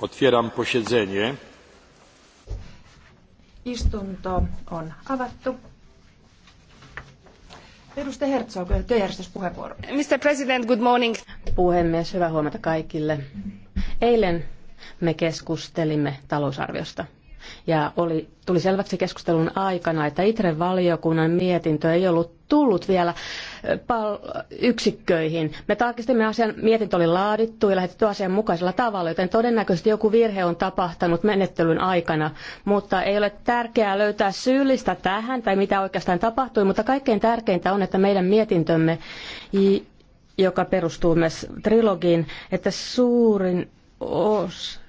otwieram posiedzenie istunto on avattu Edustaja Herzog, työjärjestyspuheenvuoro. Mr. President, good morning. Puhemies, hyvää huomenta kaikille. Eilen me keskustelimme talousarviosta. Ja oli, tuli selväksi keskustelun aikana, että ITREn valiokunnan mietintö ei ollut tullut vielä pal- yksikköihin. Me tarkistimme asian, mietintö oli laadittu ja lähetetty mukaisella tavalla, joten todennäköisesti joku virhe on tapahtunut menettelyn aikana, mutta ei ole tärkeää löytää syyllistä tähän tai mitä oikeastaan tapahtui, mutta kaikkein tärkeintä on, että meidän mietintömme, joka perustuu myös trilogiin, että suurin osa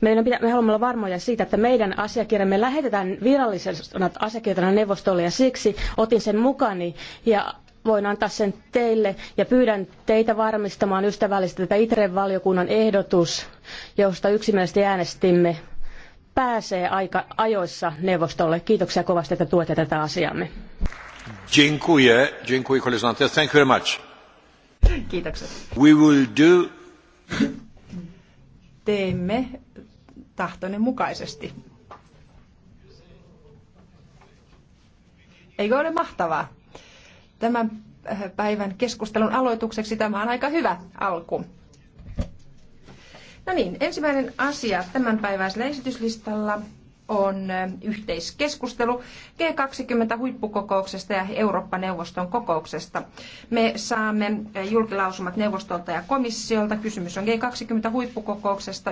meidän pitää, me haluamme olla varmoja siitä, että meidän asiakirjamme lähetetään virallisena asiakirjana neuvostolle ja siksi otin sen mukani ja voin antaa sen teille ja pyydän teitä varmistamaan ystävällisesti, tätä ITREn valiokunnan ehdotus, josta yksimielisesti äänestimme, pääsee aika ajoissa neuvostolle. Kiitoksia kovasti, että tuette tätä asiamme. Dziękuję, dziękuję koleżance. Thank you very much. Kiitokset. We will do teemme tahtonne mukaisesti. Eikö ole mahtavaa? Tämän äh, päivän keskustelun aloitukseksi tämä on aika hyvä alku. No niin, ensimmäinen asia tämän päiväisellä esityslistalla on eh, yhteiskeskustelu G20-huippukokouksesta ja Eurooppa-neuvoston kokouksesta. Me saamme eh, julkilausumat neuvostolta ja komissiolta. Kysymys on G20-huippukokouksesta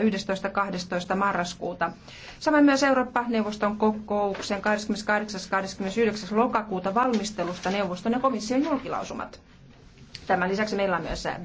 11.12. marraskuuta. Samoin myös Eurooppa-neuvoston kokouksen 28.–29. lokakuuta valmistelusta neuvoston ja komission julkilausumat. Tämän lisäksi meillä on myös eh,